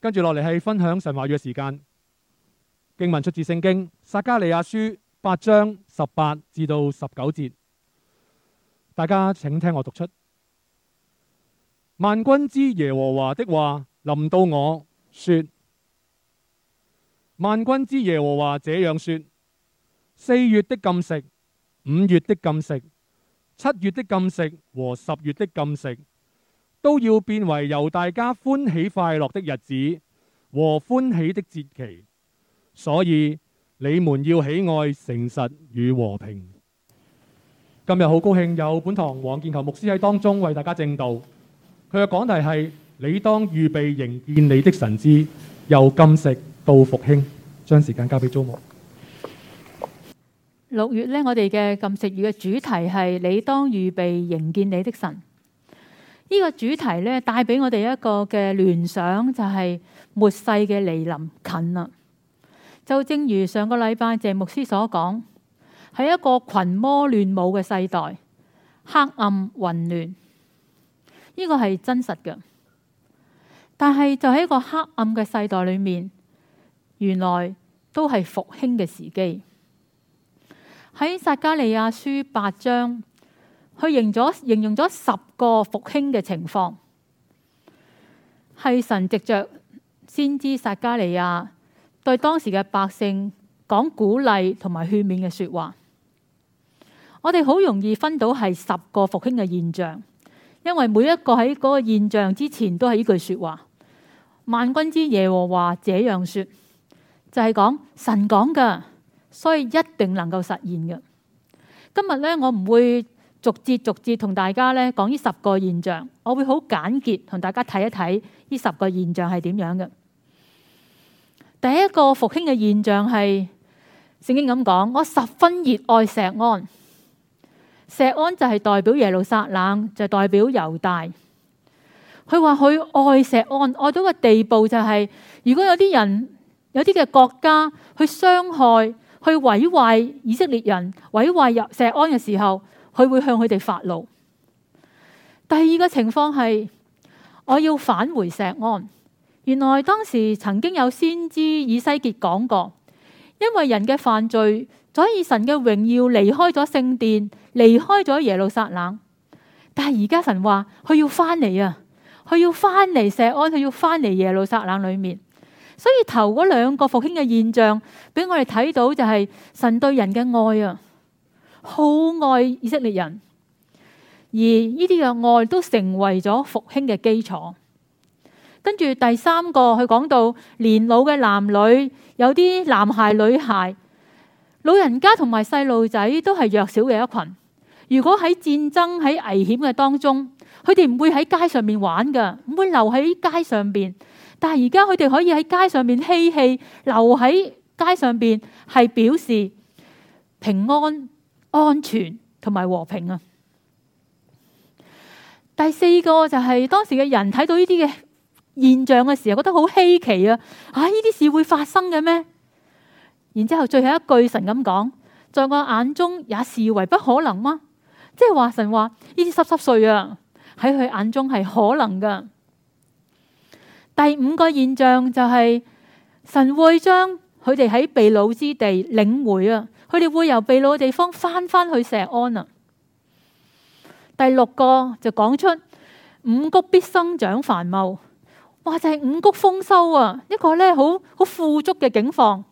跟住落嚟係分享神話語嘅時間，經文出自聖經撒迦利亞書八章十八至到十九節，大家請聽我讀出：萬軍之耶和華的話臨到我說，萬軍之耶和華這樣說：四月的禁食，五月的禁食，七月的禁食和十月的禁食。都要變為猶大家歡喜快樂的日子和歡喜的節期，所以你們要喜愛誠實與和平。今日好高興有本堂黃建球牧師喺當中為大家正道，佢嘅講題係：你當預備迎見你的神之由禁食到復興。將時間交俾周末。」六月呢，我哋嘅禁食月嘅主題係：你當預備迎見你的神。呢個主題咧帶俾我哋一個嘅聯想，就係、是、末世嘅嚟臨近啦。就正如上個禮拜謝牧師所講，係一個群魔亂舞嘅世代，黑暗混亂。呢、這個係真實嘅，但係就喺一個黑暗嘅世代裏面，原來都係復興嘅時機。喺撒加利亞書八章。佢形容，形容咗十個復興嘅情況，係神藉着先知撒加利亞對當時嘅百姓講鼓勵同埋勸勉嘅說話。我哋好容易分到係十個復興嘅現象，因為每一個喺嗰個現象之前都係呢句說話：萬軍之耶和華這樣說，就係講神講噶，所以一定能夠實現嘅。今日呢，我唔會。逐節逐節同大家咧講呢十個現象，我會好簡潔同大家睇一睇呢十個現象係點樣嘅。第一個復興嘅現象係聖經咁講，我十分熱愛錫安。錫安就係代表耶路撒冷，就係、代表猶大。佢話佢愛錫安愛到個地步、就係，就係如果有啲人有啲嘅國家去傷害、去毀壞以色列人、毀壞入錫安嘅時候。佢會向佢哋發怒。第二個情況係，我要返回錫安。原來當時曾經有先知以西結講過，因為人嘅犯罪，所以神嘅榮耀離開咗聖殿，離開咗耶路撒冷。但係而家神話佢要翻嚟啊！佢要翻嚟錫安，佢要翻嚟耶路撒冷裏面。所以頭嗰兩個復興嘅現象，俾我哋睇到就係、是、神對人嘅愛啊！好愛以色列人，而呢啲嘅愛都成為咗復興嘅基礎。跟住第三個，佢講到年老嘅男女，有啲男孩女孩，老人家同埋細路仔都係弱小嘅一群。如果喺戰爭，喺危險嘅當中，佢哋唔會喺街上面玩㗎，唔會留喺街上邊。但係而家佢哋可以喺街上面嬉戲，留喺街上邊係表示平安。安全同埋和平啊！第四個就係當時嘅人睇到呢啲嘅現象嘅時候，覺得好稀奇啊！啊，呢啲事會發生嘅咩？然之後最後一句神咁講：在我眼中也視為不可能嗎？即係話神話呢啲濕濕碎啊，喺佢眼中係可能噶。第五個現象就係、是、神會將佢哋喺被擄之地領回啊！佢哋會由被擄嘅地方翻翻去錫安啦，啊。第六個就講出五穀必生長繁茂，哇！就係五穀豐收啊很，一個咧好好富足嘅境況。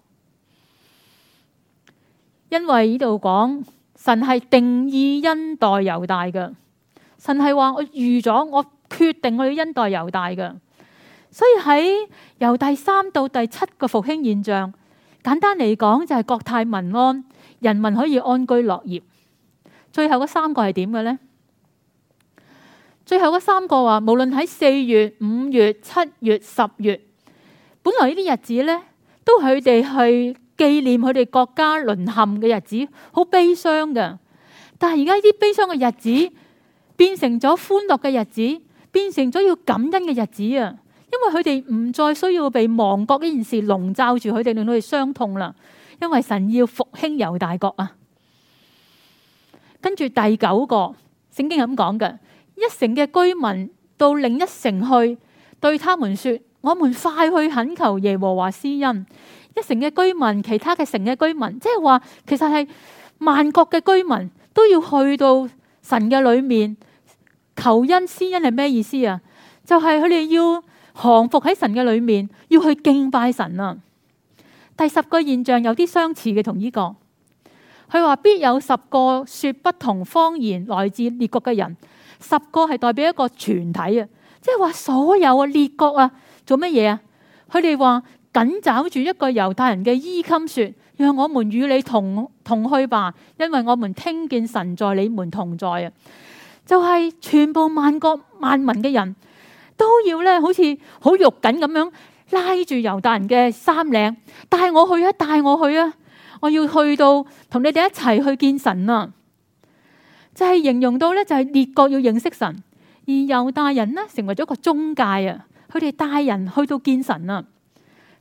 因為呢度講神係定意恩待猶大嘅，神係話我預咗，我決定我要恩待猶大嘅。所以喺由第三到第七個復興現象。簡單嚟講就係、是、國泰民安，人民可以安居樂業。最後嗰三個係點嘅呢？最後嗰三個話，無論喺四月、五月、七月、十月，本來呢啲日子呢，都係佢哋去紀念佢哋國家淪陷嘅日子，好悲傷㗎。但係而家呢啲悲傷嘅日子，變成咗歡樂嘅日子，變成咗要感恩嘅日子啊！因為佢哋唔再需要被亡國呢件事籠罩住佢哋，令到佢哋傷痛啦。因為神要復興猶大國啊。跟住第九個聖經咁講嘅，一城嘅居民到另一城去，對他們說：我們快去懇求耶和華施恩。一城嘅居民，其他嘅城嘅居民，即係話其實係萬國嘅居民都要去到神嘅裏面求恩施恩，係咩意思啊？就係佢哋要。降服喺神嘅裏面，要去敬拜神啊！第十個現象有啲相似嘅同呢個，佢話必有十個說不同方言來自列國嘅人，十個係代表一個全體啊！即係話所有啊列國啊做乜嘢啊？佢哋話緊找住一個猶太人嘅衣襟說，讓我們與你同同去吧，因為我們聽見神在你們同在啊！就係、是、全部萬國萬民嘅人。都要咧，好似好肉緊咁樣拉住猶大人嘅衫領，帶我去啊，帶我去啊！我要去到同你哋一齊去見神啊！就係形容到咧，就係列國要認識神，而猶大人呢，成為咗個中介啊！佢哋帶人去到見神啊！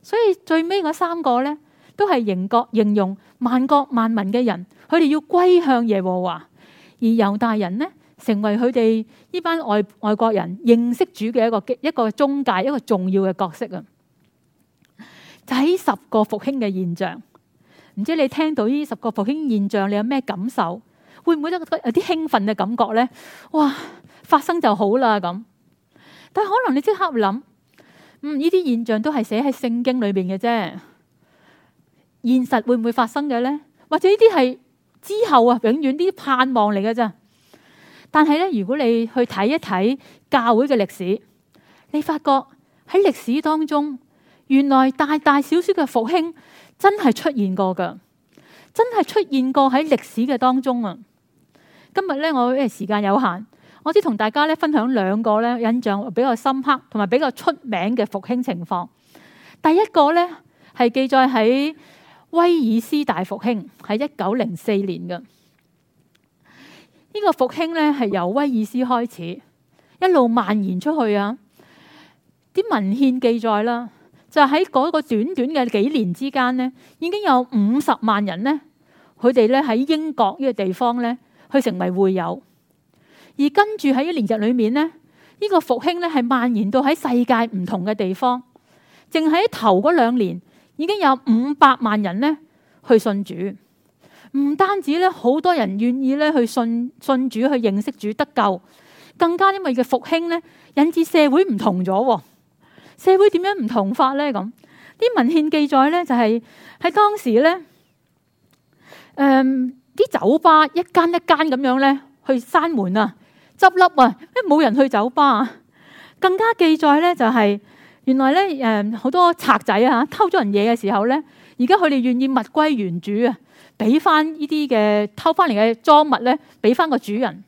所以最尾嗰三個咧，都係形容形容萬國萬民嘅人，佢哋要歸向耶和華，而猶大人呢，成為佢哋呢班外外國人認識主嘅一個一個中介，一個重要嘅角色啊！就喺十個復興嘅現象，唔知你聽到呢十個復興現象，你有咩感受？會唔會都覺得有啲興奮嘅感覺咧？哇！發生就好啦咁！但係可能你即刻諗，嗯，呢啲現象都係寫喺聖經裏邊嘅啫，現實會唔會發生嘅咧？或者呢啲係之後啊，永遠啲盼望嚟嘅啫？但係咧，如果你去睇一睇教會嘅歷史，你發覺喺歷史當中，原來大大小小嘅復興真係出現過㗎，真係出現過喺歷史嘅當中啊！今日咧，我因為時間有限，我只同大家咧分享兩個咧印象比較深刻同埋比較出名嘅復興情況。第一個咧係記載喺威爾斯大復興，喺一九零四年嘅。呢個復興咧係由威爾斯開始，一路蔓延出去啊！啲文獻記載啦，就喺、是、嗰個短短嘅幾年之間呢，已經有五十萬人呢，佢哋咧喺英國呢個地方呢去成為會友。而跟住喺一年日裏面呢，呢、這個復興咧係蔓延到喺世界唔同嘅地方。淨喺頭嗰兩年，已經有五百萬人呢去信主。唔單止咧，好多人願意咧去信信主、去認識主得救，更加因為嘅復興咧，引致社會唔同咗。社會點樣唔同法咧？咁啲文獻記載咧、就是，就係喺當時咧，誒、嗯、啲酒吧一間一間咁樣咧去閂門啊、執笠啊，一、哎、冇人去酒吧。更加記載咧、就是，就係原來咧，誒好多賊仔啊，偷咗人嘢嘅時候咧，而家佢哋願意物歸原主啊。俾翻呢啲嘅偷翻嚟嘅贓物咧，俾翻個主人。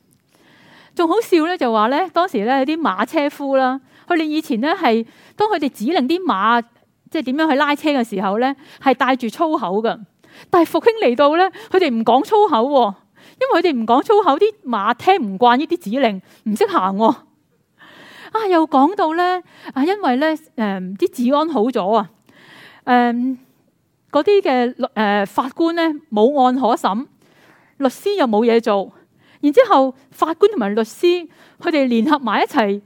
仲好笑咧，就話咧，當時咧有啲馬車夫啦，佢哋以前咧係當佢哋指令啲馬即係點樣去拉車嘅時候咧，係帶住粗口㗎。但係復興嚟到咧，佢哋唔講粗口喎，因為佢哋唔講粗口，啲馬聽唔慣呢啲指令，唔識行喎。啊，又講到咧啊，因為咧呃啲治安好咗啊，呃嗰啲嘅誒法官咧冇案可審，律師又冇嘢做，然之後法官同埋律師佢哋聯合埋一齊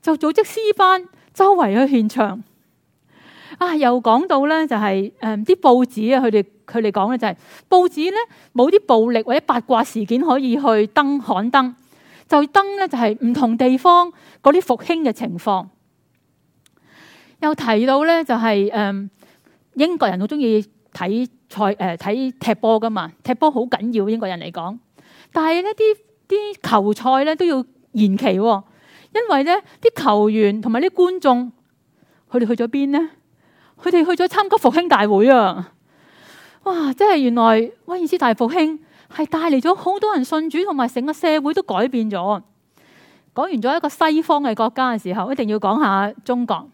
就組織詩班，周圍去獻唱。啊，又講到咧就係誒啲報紙啊，佢哋佢哋講咧就係報紙咧冇啲暴力或者八卦事件可以去登刊登，就登咧就係唔同地方嗰啲復興嘅情況。又提到咧就係誒。呃英國人好中意睇賽誒睇踢波㗎嘛，踢波好緊要英國人嚟講。但係呢啲啲球賽咧都要延期喎，啊，因為咧啲球員同埋啲觀眾，佢哋去咗邊呢？佢哋去咗參加復興大會啊！哇！真係原來威爾斯大復興係帶嚟咗好多人信主，同埋成個社會都改變咗。講完咗一個西方嘅國家嘅時候，一定要講下中國。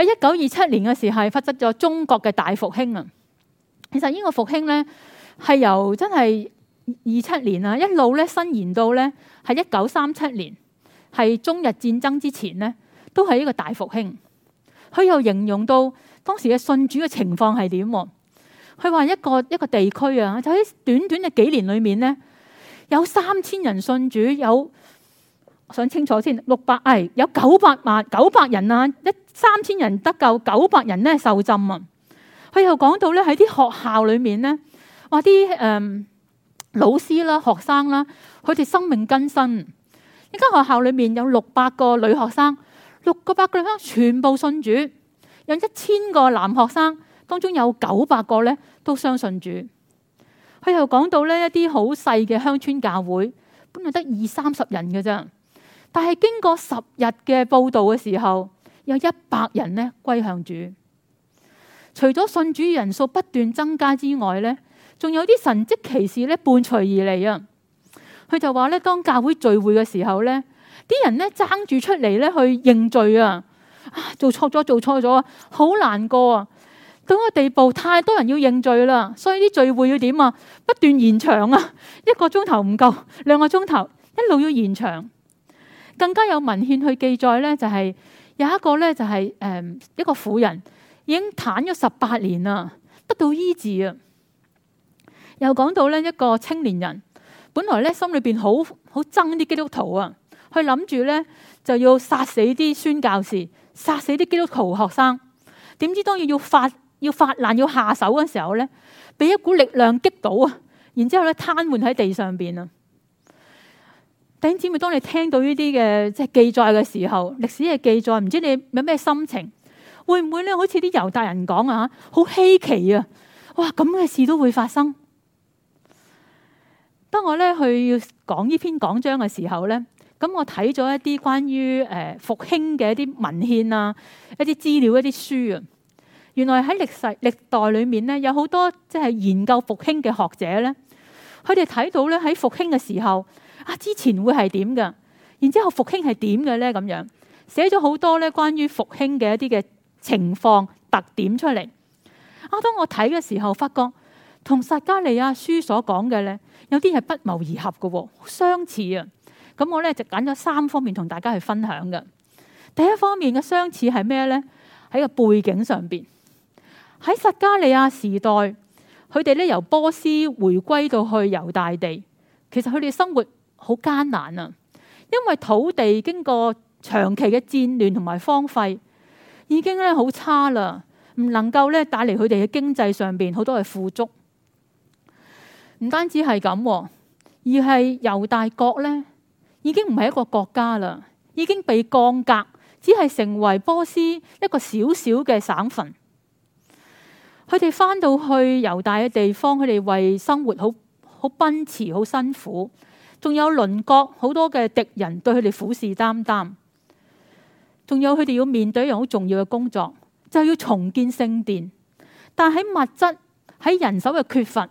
喺一九二七年嘅時候發生咗中國嘅大復興啊！其實呢個復興咧係由真係二七年啊，一路咧伸延到咧係一九三七年，係中日戰爭之前咧都係一個大復興。佢又形容到當時嘅信主嘅情況係點？佢話一個一個地區啊，就喺短短嘅幾年裏面咧，有三千人信主，有，我想清楚先，六百，唉，有九百萬九百人啊！一三千人得救，九百人咧受浸啊！佢又講到咧喺啲學校裏面咧，話啲誒老師啦、學生啦，佢哋生命更新。一間學校裏面有六百個女學生，六個百個女學生全部信主，有一千個男學生當中有九百個咧都相信主。佢又講到咧一啲好細嘅鄉村教會，本來得二三十人嘅啫，但係經過十日嘅報道嘅時候。有一百人咧歸向主，除咗信主人數不斷增加之外咧，仲有啲神蹟奇事咧伴隨而嚟啊。佢就話咧，當教會聚會嘅時候咧，啲人咧爭住出嚟咧去認罪啊，啊做錯咗做錯咗，好難過啊。到個地步太多人要認罪啦，所以啲聚會要點啊？不斷延長啊，一個鐘頭唔夠，兩個鐘頭一路要延長。更加有文獻去記載咧，就係、是。有一個咧就係誒一個婦人已經癱咗十八年啦，得到醫治啊。又講到咧一個青年人，本來咧心裏邊好好憎啲基督徒啊，佢諗住咧就要殺死啲宣教士，殺死啲基督徒學生。點知當要要發要發難要下手嘅時候咧，俾一股力量擊倒啊，然之後咧癱瘓喺地上邊啊。弟兄姊妹，當你聽到呢啲嘅即係記載嘅時候，歷史嘅記載，唔知你有咩心情？會唔會咧？好似啲猶大人講啊，好稀奇啊！哇，咁嘅事都會發生。當我咧去講呢篇講章嘅時候咧，咁我睇咗一啲關於誒復興嘅一啲文獻啊，一啲資料、一啲書啊。原來喺歷世歷代裏面咧，有好多即係研究復興嘅學者咧，佢哋睇到咧喺復興嘅時候。啊！之前會係點嘅？然之後復興係點嘅呢？咁樣寫咗好多咧，關於復興嘅一啲嘅情況特點出嚟。啊！當我睇嘅時候，發覺同撒加利亞書所講嘅呢，有啲係不謀而合嘅喎，相似啊！咁我咧就揀咗三方面同大家去分享嘅。第一方面嘅相似係咩呢？喺個背景上邊，喺撒加利亞時代，佢哋咧由波斯回歸到去猶大地，其實佢哋生活，好艱難啊！因為土地經過長期嘅戰亂同埋荒廢，已經咧好差啦，唔能夠咧帶嚟佢哋嘅經濟上邊好多嘅富足。唔單止係咁啊，而係猶大國呢，已經唔係一個國家啦，已經被降格，只係成為波斯一個小小嘅省份。佢哋翻到去猶大嘅地方，佢哋為生活好好奔馳，好辛苦。仲有鄰國好多嘅敵人對佢哋虎視眈眈，仲有佢哋要面對一樣好重要嘅工作，就係要重建聖殿。但喺物質、喺人手嘅缺乏，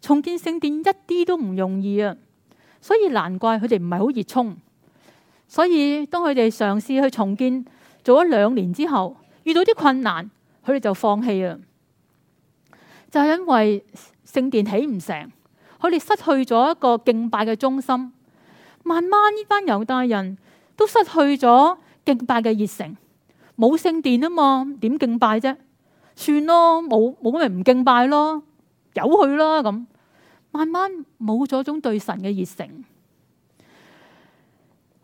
重建聖殿一啲都唔容易啊！所以難怪佢哋唔係好熱衷。所以當佢哋嘗試去重建，做咗兩年之後遇到啲困難，佢哋就放棄啦。就係因為聖殿起唔成。我哋失去咗一個敬拜嘅中心，慢慢呢班猶大人都失去咗敬拜嘅熱誠，冇聖殿啊嘛，點敬拜啫？算咯，冇冇乜唔敬拜咯，由佢啦咁。慢慢冇咗種對神嘅熱誠。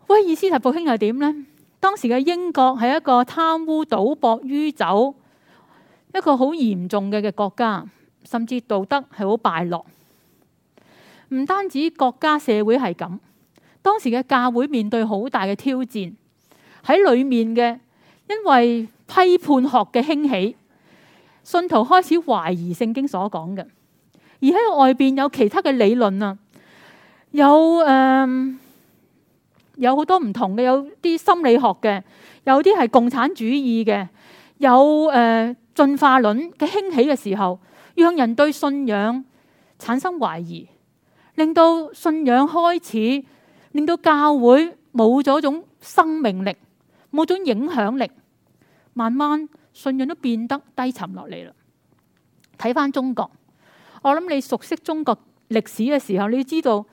威爾斯泰復興又點呢？當時嘅英國係一個貪污、賭博、酗酒，一個好嚴重嘅嘅國家，甚至道德係好敗落。唔單止國家社會係咁，當時嘅教會面對好大嘅挑戰，喺裏面嘅，因為批判學嘅興起，信徒開始懷疑聖經所講嘅，而喺外邊有其他嘅理論啊，有誒有好多唔同嘅，有啲心理學嘅，有啲係共產主義嘅，有誒進化論嘅興起嘅時候，讓人對信仰產生懷疑。令到信仰開始，令到教會冇咗種生命力，冇種影響力，慢慢信仰都變得低沉落嚟啦。睇翻中國，我諗你熟悉中國歷史嘅時候，你要知道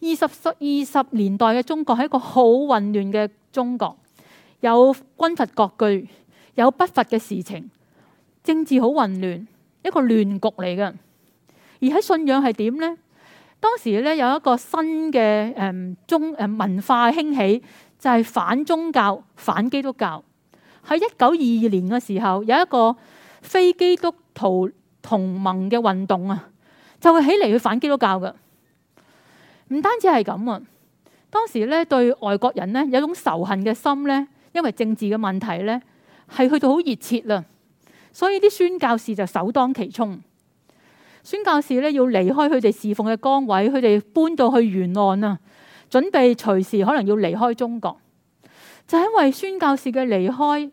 二十十二十年代嘅中國係一個好混亂嘅中國，有軍閥割據，有不法嘅事情，政治好混亂，一個亂局嚟嘅。而喺信仰係點呢？當時咧有一個新嘅誒宗誒文化興起，就係反宗教、反基督教。喺一九二二年嘅時候，有一個非基督徒同盟嘅運動啊，就會起嚟去反基督教嘅。唔單止係咁啊，當時咧對外國人咧有種仇恨嘅心咧，因為政治嘅問題咧係去到好熱切啦，所以啲宣教士就首當其衝。宣教士咧要離開佢哋侍奉嘅崗位，佢哋搬到去沿岸啊，準備隨時可能要離開中國。就係、因為宣教士嘅離開，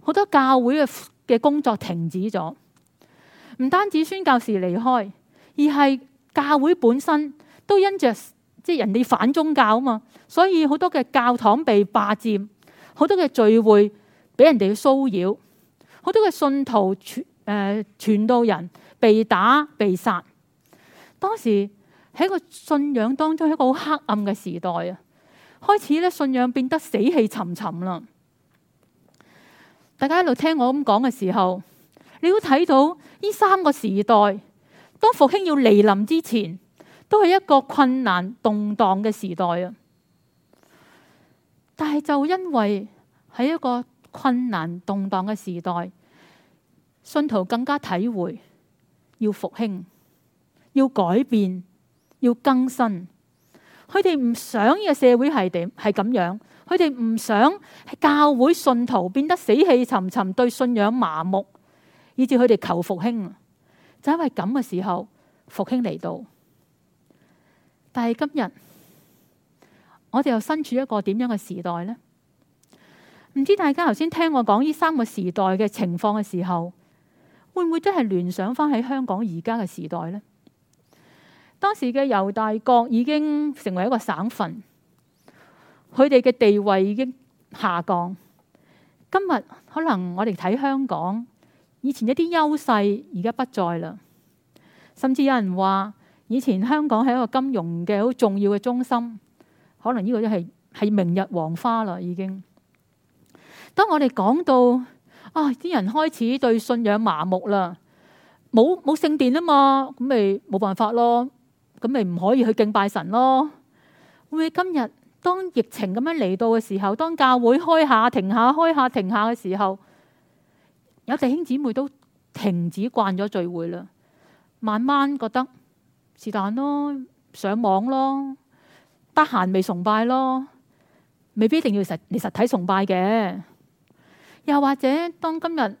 好多教會嘅嘅工作停止咗。唔單止宣教士離開，而係教會本身都因着即係人哋反宗教啊嘛，所以好多嘅教堂被霸佔，好多嘅聚會俾人哋騷擾，好多嘅信徒傳、呃、傳道人。被打、被殺，當時喺個信仰當中，係一個好黑暗嘅時代啊。開始咧，信仰變得死氣沉沉啦。大家一路聽我咁講嘅時候，你都睇到呢三個時代，當復興要來臨之前，都係一個困難動盪嘅時代啊。但係就因為喺一個困難動盪嘅時代，信徒更加體會。要復興，要改變，要更新，佢哋唔想呢個社會係點，係咁樣，佢哋唔想係教會信徒變得死氣沉沉，對信仰麻木，以致佢哋求復興。就係因為咁嘅時候，復興嚟到。但係今日，我哋又身處一個點樣嘅時代呢？唔知大家頭先聽我講呢三個時代嘅情況嘅時候。會唔會真係聯想返喺香港而家嘅時代呢？當時嘅猶大國已經成為一個省份，佢哋嘅地位已經下降。今日可能我哋睇香港，以前一啲優勢而家不在啦。甚至有人話，以前香港係一個金融嘅好重要嘅中心，可能呢個都係係明日黃花啦。已經，當我哋講到。啊！啲人開始對信仰麻木啦，冇冇聖殿啊嘛，咁咪冇辦法咯，咁咪唔可以去敬拜神咯。會今日當疫情咁樣嚟到嘅時候，當教會開下停下開下停下嘅時候，有弟兄姊妹都停止慣咗聚會啦，慢慢覺得是但咯，上網咯，得閒未崇拜咯，未必一定要實嚟實體崇拜嘅。又或者當今日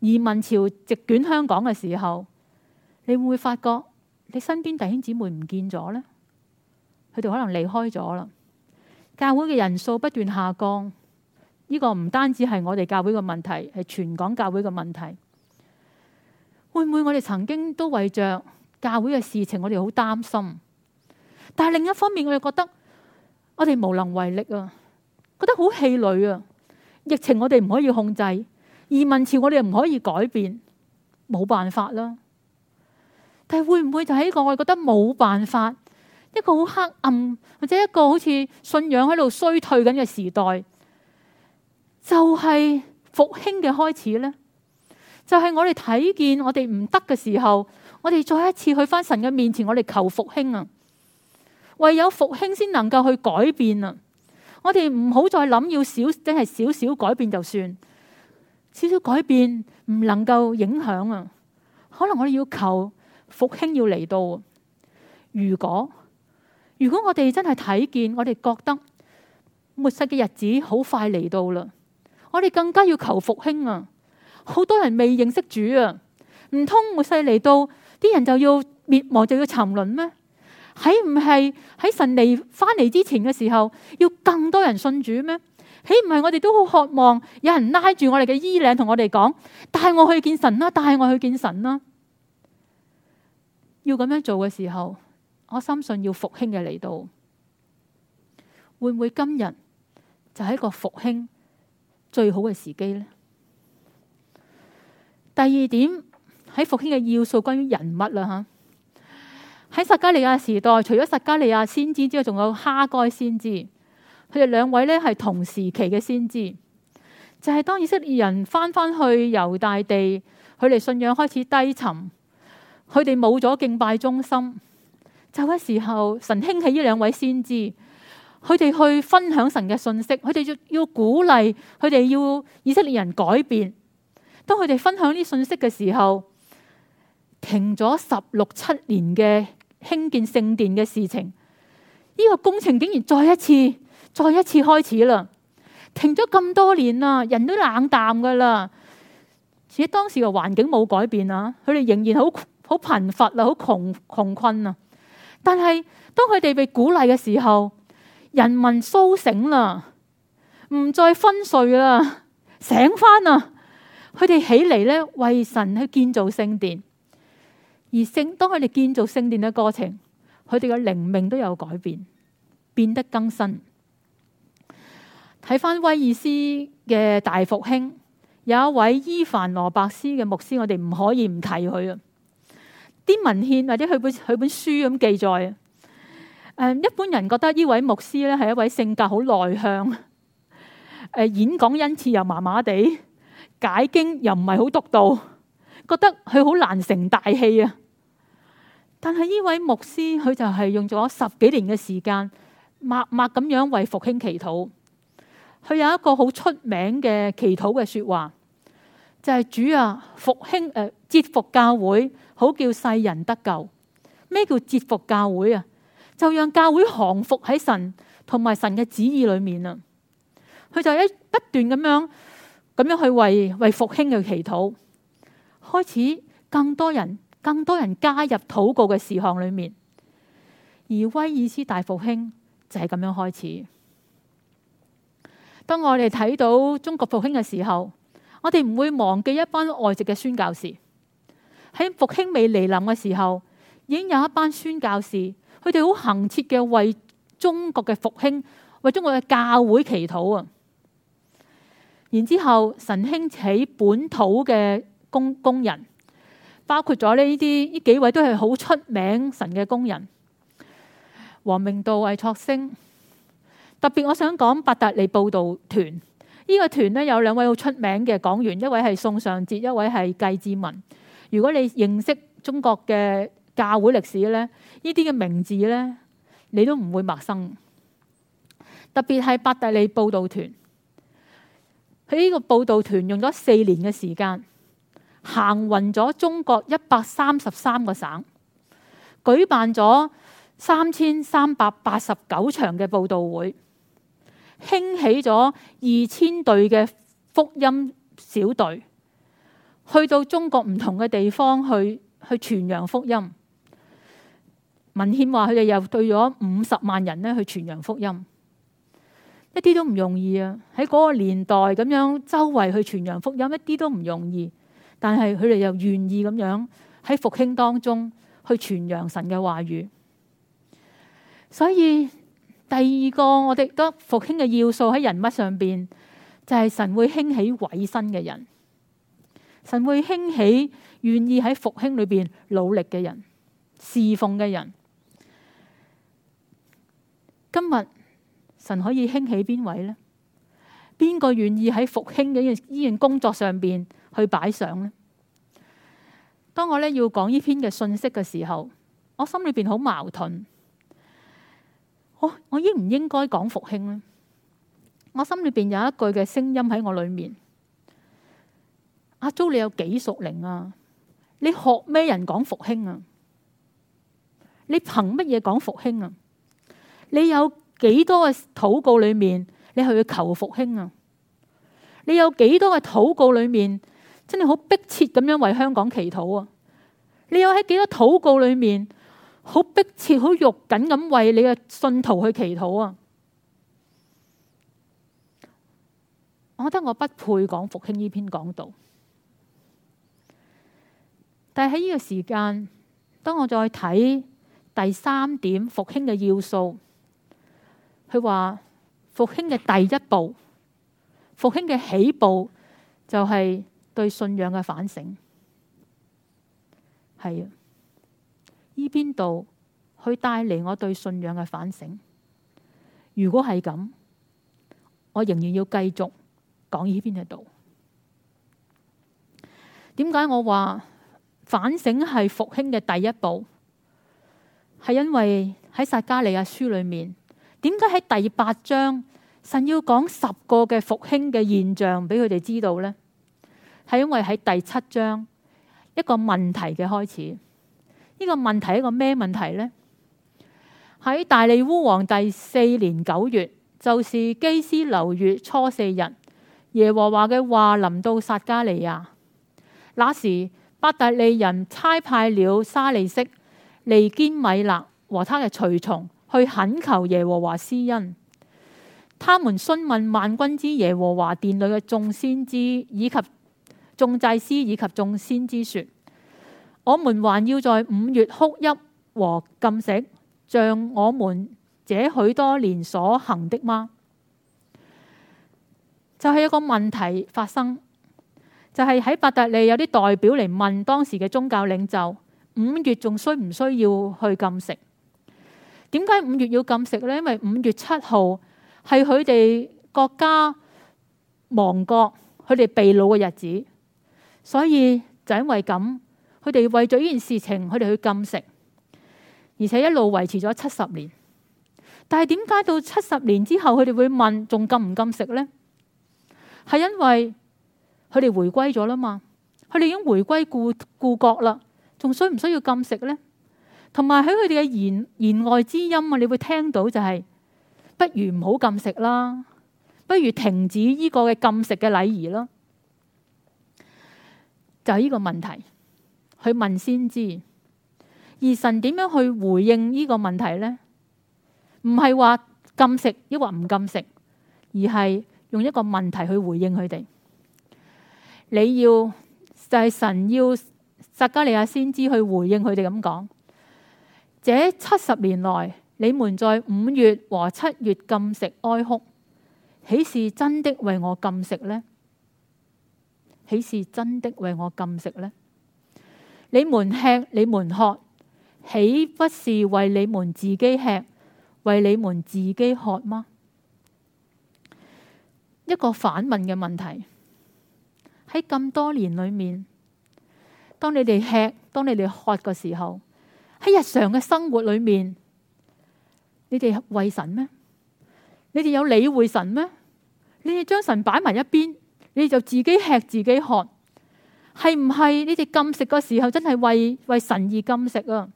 移民潮席捲香港嘅時候，你會唔會發覺你身邊弟兄姊妹唔見咗呢？佢哋可能離開咗啦。教會嘅人數不斷下降，呢個唔單止係我哋教會嘅問題，係全港教會嘅問題。會唔會我哋曾經都為着教會嘅事情，我哋好擔心？但係另一方面，我哋覺得我哋無能為力啊，覺得好氣餒啊。疫情我哋唔可以控制，移民潮我哋又唔可以改變，冇辦法啦。但係會唔會就係一個我哋覺得冇辦法，一個好黑暗或者一個好似信仰喺度衰退緊嘅時代，就係復興嘅開始呢？就係我哋睇見我哋唔得嘅時候，我哋再一次去翻神嘅面前，我哋求復興啊！唯有復興先能夠去改變啊！我哋唔好再諗要少，真係少少改變就算，少少改變唔能夠影響啊！可能我哋要求復興要嚟到。如果如果我哋真係睇見，我哋覺得末世嘅日子好快嚟到啦，我哋更加要求復興啊！好多人未認識主啊，唔通末世嚟到，啲人就要滅亡就要沉淪咩？喺唔係喺神嚟翻嚟之前嘅時候，要更多人信主咩？喺唔係我哋都好渴望有人拉住我哋嘅衣領們說，同我哋講，帶我去見神啦，帶我去見神啦。要咁樣做嘅時候，我深信要復興嘅嚟到，會唔會今日就係一個復興最好嘅時機呢？第二點喺復興嘅要素，關於人物啦吓。喺撒迦利亞時代，除咗撒迦利亞先知之外，仲有哈該先知。佢哋兩位咧係同時期嘅先知。就係、是、當以色列人返返去猶大地，佢哋信仰開始低沉，佢哋冇咗敬拜中心。走、就、嘅、是、時候，神興起呢兩位先知，佢哋去分享神嘅信息，佢哋要要鼓勵佢哋要以色列人改變。當佢哋分享呢信息嘅時候，停咗十六七年嘅。興建聖殿嘅事情，呢個工程，竟然再一次，再一次開始啦！停咗咁多年啦，人都冷淡噶啦。而且當時嘅環境冇改變啊，佢哋仍然好好貧乏啊，好窮窮困啊。但係當佢哋被鼓勵嘅時候，人民甦醒啦，唔再昏睡啦，醒翻，啦，佢哋起嚟咧為神去建造聖殿。而聖，當佢哋建造聖殿嘅過程，佢哋嘅靈命都有改變，變得更新。睇翻威爾斯嘅大復興，有一位伊凡羅伯斯嘅牧師，我哋唔可以唔提佢啊！啲文獻或者佢本佢本書咁記載。誒，一般人覺得呢位牧師咧係一位性格好內向，演講恩賜又麻麻地，解經又唔係好獨到。覺得佢好難成大器啊！但係呢位牧師佢就係用咗十幾年嘅時間默默咁樣為復興祈禱。佢有一個好出名嘅祈禱嘅說話，就係主啊，復興誒，折服教會，好叫世人得救。咩叫折服教會啊？就讓教會降服喺神同埋神嘅旨意裏面啊！佢就一不斷咁樣咁樣去為為復興去祈禱。開始更多人更多人加入禱告嘅事項裏面，而威爾斯大復興就係咁樣開始。當我哋睇到中國復興嘅時候，我哋唔會忘記一班外籍嘅宣教士，喺復興未來臨嘅時候，已經有一班宣教士，佢哋好行切嘅為中國嘅復興，為中國嘅教會祈禱啊。然之後神興起本土嘅。工工人包括咗呢啲呢幾位都係好出名的神嘅工人，王明道、魏卓星。特別我想講伯特利佈道團，呢、這個團呢，有兩位好出名嘅講員，一位係宋尚節，一位係計志文。如果你認識中國嘅教會歷史呢，呢啲嘅名字呢，你都唔會陌生。特別係伯特利佈道團，喺、這、呢個佈道團用咗四年嘅時間。行運咗中國一百三十三個省，舉辦咗三千三百八十九場嘅報道會，興起咗二千隊嘅福音小隊，去到中國唔同嘅地方去去傳揚福音。文獻話：佢哋又對咗五十萬人咧去傳揚福音，一啲都唔容易啊！喺嗰個年代咁樣周圍去傳揚福音，一啲都唔容易。但係佢哋又願意咁樣喺復興當中去傳揚神嘅話語。所以第二個我哋覺得復興嘅要素喺人物上邊，就係神會興起委身嘅人，神會興起願意喺復興裏邊努力嘅人、侍奉嘅人。今日神可以興起邊位呢？邊個願意喺復興嘅呢件工作上邊去擺上呢？當我呢要講呢篇嘅信息嘅時候，我心裏邊好矛盾。我我應唔應該講復興呢？我心裏邊有一句嘅聲音喺我裏面：阿祖，你有幾屬靈啊？你學咩人講復興啊？你憑乜嘢講復興啊？你有幾多嘅禱告裏面？你去求復興啊！你有幾多嘅禱告裏面真係好迫切咁樣為香港祈禱啊？你有喺幾多禱告裏面好迫切、好肉緊咁為你嘅信徒去祈禱啊？我覺得我不配講復興呢篇講道，但係喺呢個時間，當我再睇第三點復興嘅要素，佢話。復興嘅第一步，復興嘅起步就係對信仰嘅反省，係啊，依邊度去帶嚟我對信仰嘅反省？如果係咁，我仍然要繼續講依邊嘅道。點解我話反省係復興嘅第一步？係因為喺撒迦利亞書裡面。點解喺第八章，神要講十個嘅復興嘅現象俾佢哋知道呢？係因為喺第七章一個問題嘅開始。呢、這個問題係一個咩問題呢？喺大利烏皇帝四年九月，就是基斯流月初四日，耶和華嘅話臨到撒迦利亞。那時八特利人差派了沙利色、利堅米勒和他嘅隨從。去懇求耶和華施恩，他們詢問萬軍之耶和華殿裏嘅眾先知以及眾祭司以及眾先知說：我們還要在五月哭泣和禁食，像我們這許多年所行的嗎？就係、是、一個問題發生，就係喺伯特利有啲代表嚟問當時嘅宗教領袖：五月仲需唔需要去禁食？點解五月要禁食呢？因為五月七號係佢哋國家亡國，佢哋被擄嘅日子，所以就因為咁，佢哋為咗呢件事情，佢哋去禁食，而且一路維持咗七十年。但係點解到七十年之後，佢哋會問仲禁唔禁食呢？係因為佢哋回歸咗啦嘛，佢哋已經回歸故故國啦，仲需唔需要禁食呢？同埋喺佢哋嘅言言外之音啊，你會聽到就係、是、不如唔好禁食啦，不如停止呢個嘅禁食嘅禮儀啦。就係呢個問題，去問先知。而神點樣去回應呢個問題咧？唔係話禁食抑或唔禁食，而係用一個問題去回應佢哋。你要就係、是、神要撒迦利亞先知去回應佢哋咁講。這七十年來，你們在五月和七月禁食哀哭，豈是真的為我禁食呢？豈是真的為我禁食呢？你們吃，你們喝，豈不是為你們自己吃，為你們自己喝嗎？一個反問嘅問題，喺咁多年裏面，當你哋吃，當你哋喝嘅時候。喺日常嘅生活裏面，你哋為神咩？你哋有理會神咩？你哋將神擺埋一邊，你就自己吃自己喝，係唔係？你哋禁食嘅時候真係為為神而禁食啊！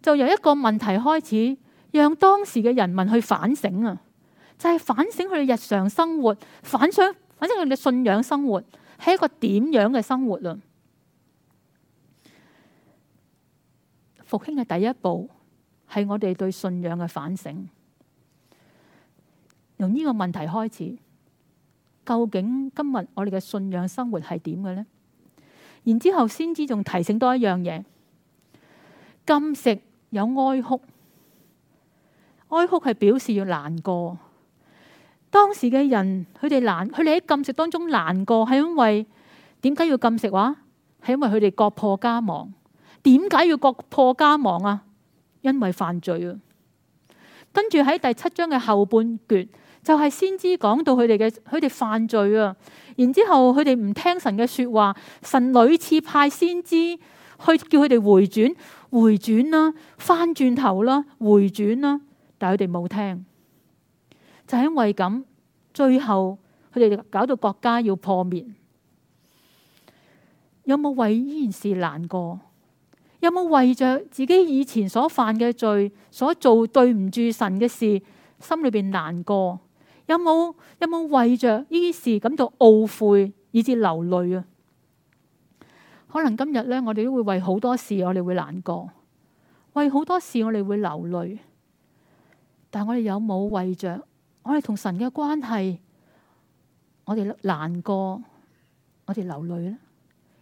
就由一個問題開始，讓當時嘅人民去反省啊！就係、是、反省佢哋日常生活，反省反正佢哋信仰生活係一個點樣嘅生活啊？復興嘅第一步係我哋對信仰嘅反省，由呢個問題開始。究竟今日我哋嘅信仰生活係點嘅呢？然之後先知仲提醒多一樣嘢：禁食有哀哭，哀哭係表示要難過。當時嘅人，佢哋難，佢哋喺禁食當中難過，係因為點解要禁食話？係因為佢哋國破家亡。點解要國破家亡啊？因為犯罪啊！跟住喺第七章嘅後半段，就係先知講到佢哋嘅佢哋犯罪啊！然之後佢哋唔聽神嘅說話，神屢次派先知去叫佢哋回轉、回轉啦、返轉頭啦、回轉啦，但係佢哋冇聽，就係因為咁，最後佢哋搞到國家要破滅。有冇為呢件事難過？有冇為着自己以前所犯嘅罪，所做對唔住神嘅事，心裏邊難過？有冇有冇為着呢啲事感到懊悔，以至流淚啊？可能今日呢，我哋都會為好多事，我哋會難過，為好多事，我哋會流淚。但係我哋有冇為着我哋同神嘅關係，我哋難過，我哋流淚呢？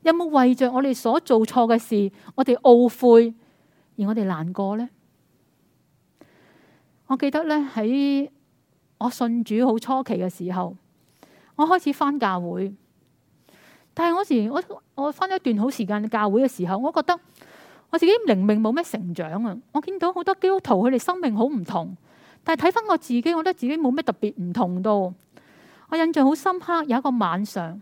有冇為着我哋所做錯嘅事，我哋懊悔，而我哋難過呢？我記得呢，喺我信主好初期嘅時候，我開始返教會，但係嗰時我我返咗一段好時間嘅教會嘅時候，我覺得我自己靈命冇咩成長啊！我見到好多基督徒佢哋生命好唔同，但係睇返我自己，我覺得自己冇咩特別唔同到。我印象好深刻，有一個晚上。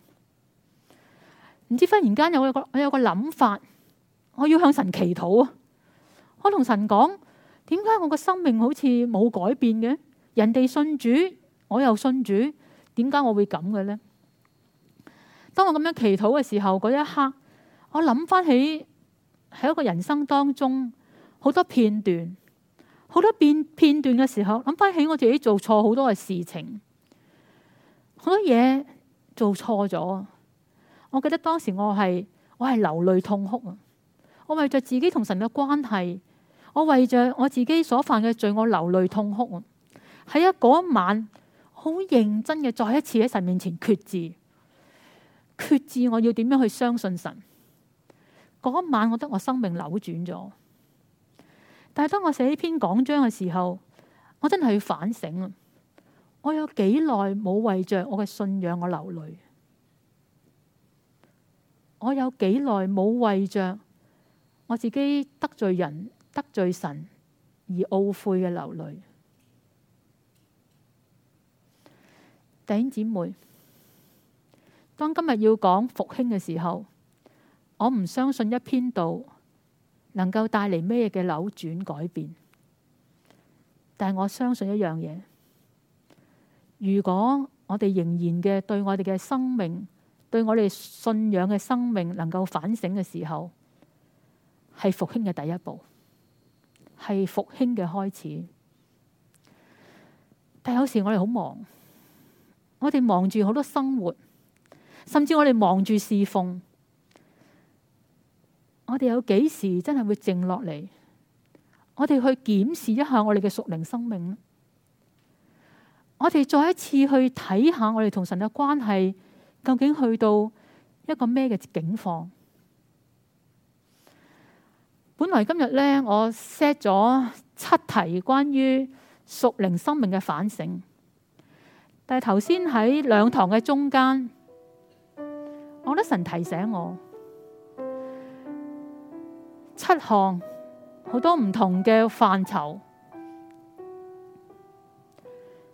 唔知忽然間有個我有個諗法，我要向神祈禱啊！我同神講：點解我個生命好似冇改變嘅？人哋信主，我又信主，點解我會咁嘅咧？當我咁樣祈禱嘅時候，嗰一刻，我諗翻起喺一個人生當中好多片段，好多片片段嘅時候，諗翻起我自己做錯好多嘅事情，好多嘢做錯咗。我記得當時我係我係流淚痛哭啊！我為着自己同神嘅關係，我為着我自己所犯嘅罪，我流淚痛哭啊！喺嗰一晚，好認真嘅再一次喺神面前決志，決志我要點樣去相信神。嗰一晚，我覺得我生命扭轉咗。但係當我寫呢篇講章嘅時候，我真係要反省啊！我有幾耐冇為着我嘅信仰我流淚？我有幾耐冇為着我自己得罪人、得罪神而懊悔嘅流淚？弟兄姊妹，當今日要講復興嘅時候，我唔相信一篇道能夠帶嚟咩嘅扭轉改變，但係我相信一樣嘢，如果我哋仍然嘅對我哋嘅生命。對我哋信仰嘅生命能夠反省嘅時候，係復興嘅第一步，係復興嘅開始。但有時我哋好忙，我哋忙住好多生活，甚至我哋忙住侍奉，我哋有幾時真係會靜落嚟，我哋去檢視一下我哋嘅屬靈生命，我哋再一次去睇下我哋同神嘅關係。究竟去到一個咩嘅境況？本來今日呢，我 set 咗七題關於屬靈生命嘅反省。但係頭先喺兩堂嘅中間，我覺得神提醒我七項好多唔同嘅範疇。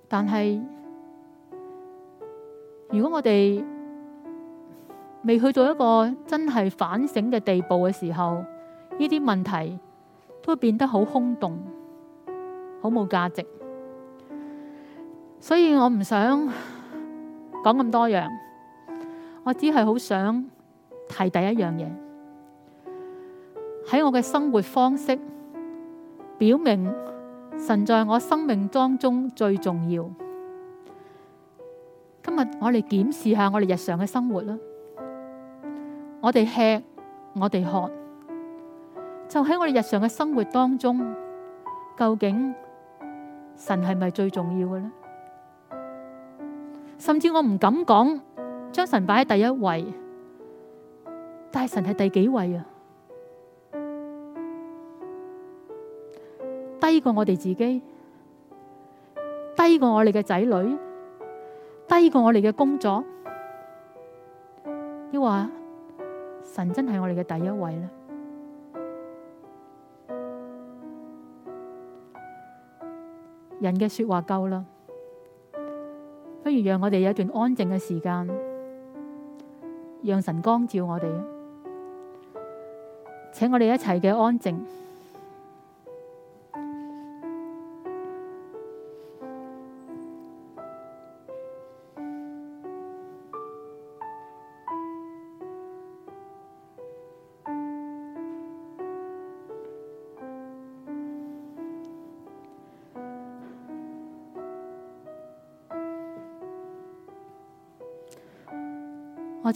但係如果我哋未去到一個真係反省嘅地步嘅時候，呢啲問題都會變得好空洞，好冇價值。所以我唔想講咁多樣，我只係好想提第一樣嘢，喺我嘅生活方式，表明神在我生命當中最重要。今日我哋檢視下我哋日常嘅生活啦。我哋吃，我哋喝，就喺我哋日常嘅生活當中，究竟神係咪最重要嘅呢？甚至我唔敢講，將神擺喺第一位，但係神係第幾位啊？低過我哋自己，低過我哋嘅仔女，低過我哋嘅工作，要話。神真係我哋嘅第一位呢，人嘅說話夠啦，不如讓我哋有一段安靜嘅時間，讓神光照我哋，請我哋一齊嘅安靜。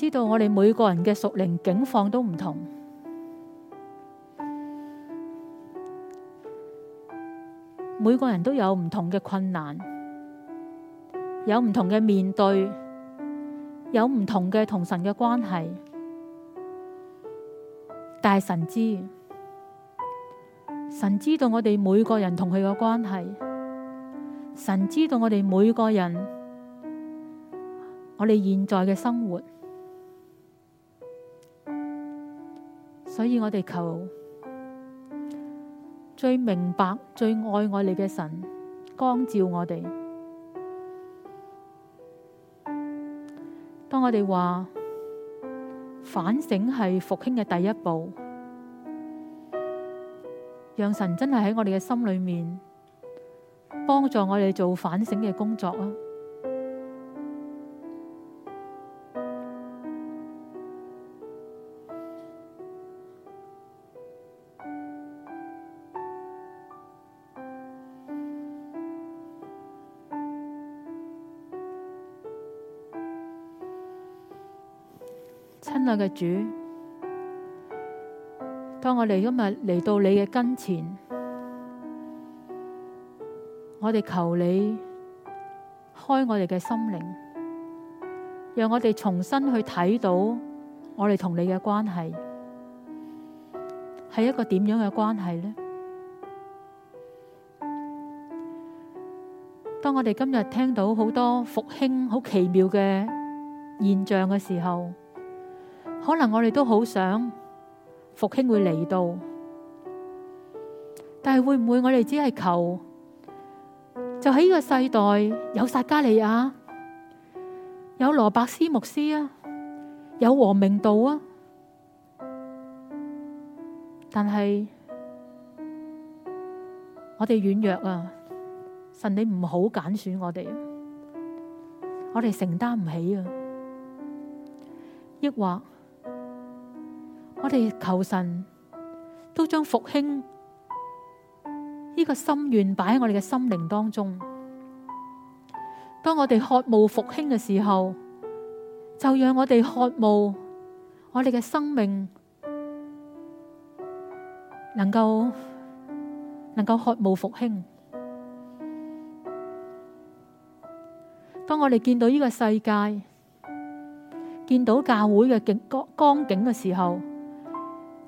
知道我哋每個人嘅屬靈境況都唔同，每個人都有唔同嘅困難，有唔同嘅面對，有唔同嘅同神嘅關係，但係神知，神知道我哋每個人同佢嘅關係，神知道我哋每個人我哋現在嘅生活。所以我哋求最明白、最愛我哋嘅神光照我哋。當我哋話反省係復興嘅第一步，讓神真係喺我哋嘅心裏面幫助我哋做反省嘅工作啊！嘅主，當我哋今日嚟到你嘅跟前，我哋求你開我哋嘅心靈，讓我哋重新去睇到我哋同你嘅關係係一個點樣嘅關係呢？當我哋今日聽到好多復興好奇妙嘅現象嘅時候。可能我哋都好想復興會嚟到，但係會唔會我哋只係求就喺呢個世代有撒迦利亞，有羅伯斯牧師啊，有王明道啊，但係我哋軟弱啊，神你唔好揀選我哋，我哋承擔唔起啊，抑或？我哋求神都將復興呢個心願擺喺我哋嘅心靈當中。當我哋渴慕復興嘅時候，就讓我哋渴慕我哋嘅生命能夠能夠渴慕復興。當我哋見到呢個世界，見到教會嘅景光光景嘅時候，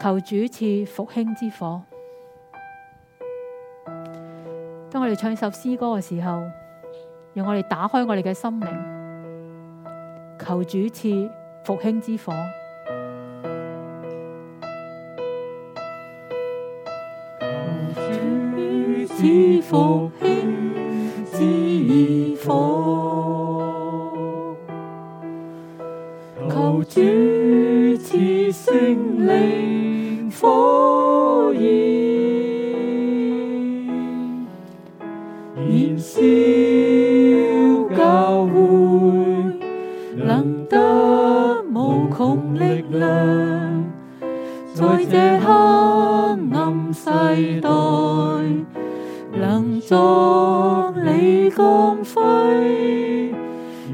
求主賜復興之火。當我哋唱首詩歌嘅時候，讓我哋打開我哋嘅心靈。求主賜復興之火。主賜復興之火。求主。求主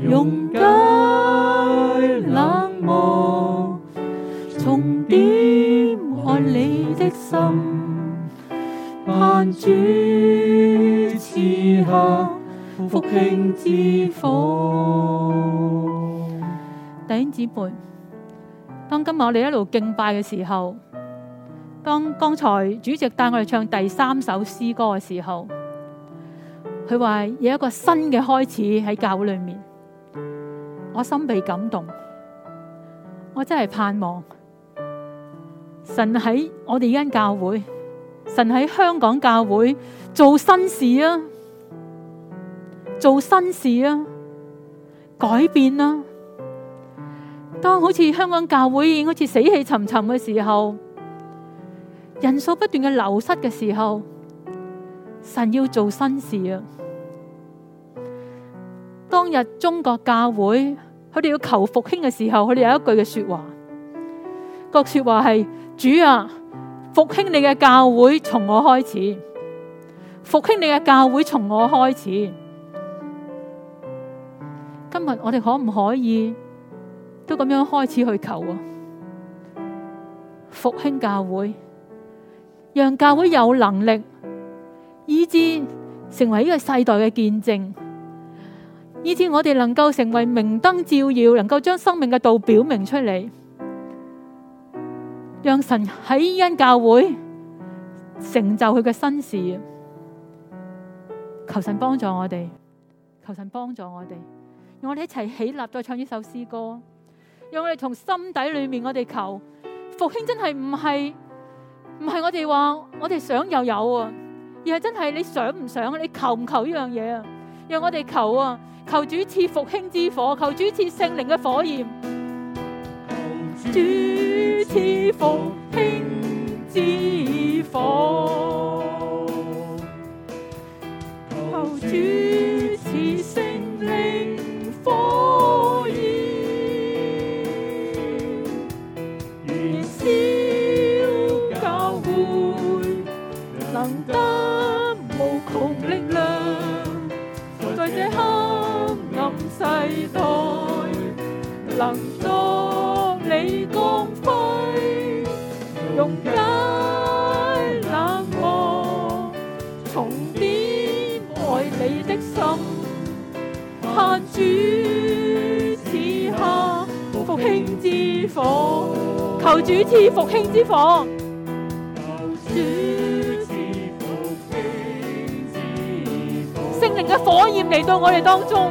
用解冷漠，重點看你的心，盼主賜下復興之火。弟兄姊妹，當今日我哋一路敬拜嘅時候，當剛才主席帶我哋唱第三首詩歌嘅時候，佢話有一個新嘅開始喺教會裏面。我心被感動，我真係盼望神喺我哋呢間教會，神喺香港教會做新事啊，做新事啊，改變啦。當好似香港教會好似死氣沉沉嘅時候，人數不斷嘅流失嘅時候，神要做新事啊。當日中國教會。我哋要求復興嘅時候，佢哋有一句嘅說話，個說話係：主啊，復興你嘅教會從我開始，復興你嘅教會從我開始。今日我哋可唔可以都咁樣開始去求啊？復興教會，讓教會有能力，以至成為呢個世代嘅見證。以致我哋能夠成為明燈照耀，能夠將生命嘅道表明出嚟，讓神喺恩教會成就佢嘅新事。求神幫助我哋，求神幫助我哋，讓我哋一齊起立再唱呢首詩歌，讓我哋從心底裏面我哋求復興，真係唔係唔係我哋話我哋想又有啊，而係真係你想唔想啊？你求唔求呢樣嘢啊？讓我哋求啊！求主賜復興之火，求主賜聖靈的火焰。求主賜復興之火，求主賜聖靈火。世代能當你光輝，溶解冷漠，重點愛你的心。盼主此刻復興之火，求主賜復興之火。聖靈的火焰嚟到我們當中。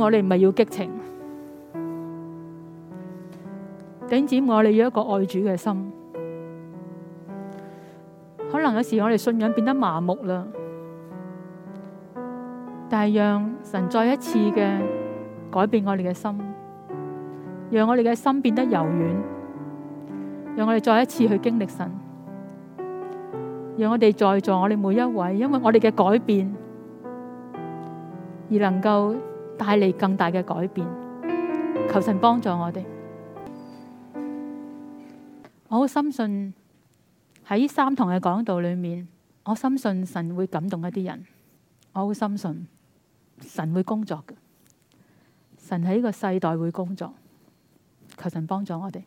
我哋唔係要激情，頂止我哋要一個愛主嘅心。可能有時我哋信仰變得麻木啦，但係讓神再一次嘅改變我哋嘅心，讓我哋嘅心變得柔軟，讓我哋再一次去經歷神，讓我哋在座我哋每一位，因為我哋嘅改變而能夠。帶嚟更大嘅改變，求神幫助我哋。我好深信喺三堂嘅講道裏面，我深信神會感動一啲人。我好深信神會工作嘅，神喺呢個世代會工作，求神幫助我哋。